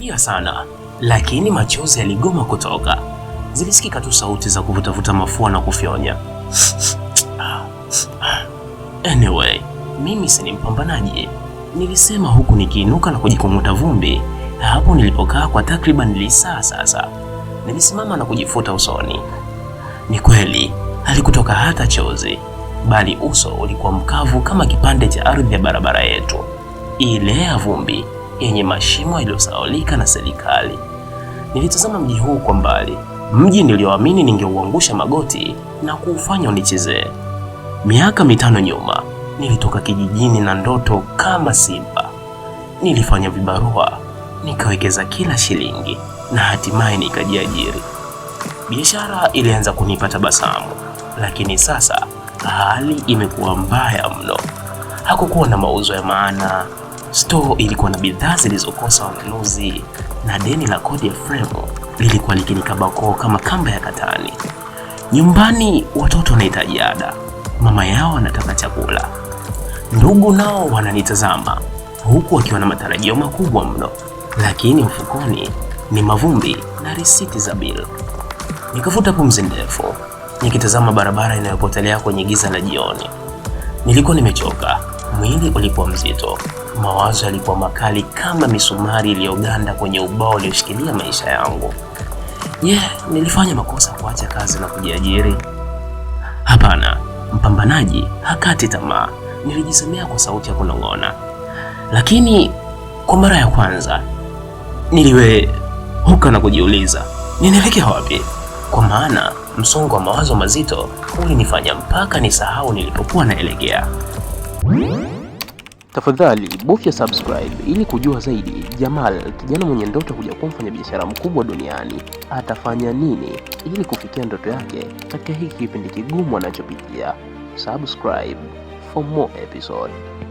alilia sana, lakini machozi yaligoma kutoka. Zilisikika tu sauti za kuvutavuta mafua na kufyonya. Anyway, mimi si ni mpambanaji, nilisema huku nikiinuka na kujikung'uta vumbi hapo nilipokaa kwa takriban lisaa sasa. Nilisimama na kujifuta usoni. Ni kweli halikutoka hata chozi, bali uso ulikuwa mkavu kama kipande cha ardhi ya barabara yetu ile ya vumbi yenye mashimo yaliyosaulika na serikali. Nilitazama mji huu kwa mbali, mji nilioamini ningeuangusha magoti na kuufanya unichezee. Miaka mitano nyuma nilitoka kijijini na ndoto kama simba. Nilifanya vibarua, nikawekeza kila shilingi na hatimaye nikajiajiri. Biashara ilianza kunipa tabasamu, lakini sasa hali imekuwa mbaya mno. Hakukuwa na mauzo ya maana, Store ilikuwa na bidhaa zilizokosa wanunuzi na deni la kodi ya fremu lilikuwa likinikabako kama kamba ya katani. Nyumbani watoto wanahitaji ada, mama yao anataka chakula, ndugu nao wananitazama huku wakiwa na matarajio makubwa mno, lakini mfukoni ni mavumbi na risiti za bill. nikafuta pumzi ndefu nikitazama barabara inayopotelea kwenye giza la jioni. Nilikuwa nimechoka, mwili ulikuwa mzito. Mawazo yalikuwa makali kama misumari iliyoganda kwenye ubao ulioshikilia maisha yangu. Je, yeah, nilifanya makosa kuacha kazi na kujiajiri? Hapana, mpambanaji hakati tamaa, nilijisemea kwa sauti ya kunong'ona. Lakini kwa mara ya kwanza niliwehuka na kujiuliza ninaelekea wapi, kwa maana msongo wa mawazo mazito ulinifanya mpaka nisahau nilipokuwa naelekea. Tafadhali bofya subscribe ili kujua zaidi. Jamal, kijana mwenye ndoto kuja kuwa mfanyabiashara mkubwa duniani, atafanya nini ili kufikia ndoto yake katika hiki kipindi kigumu anachopitia? Subscribe for more episode.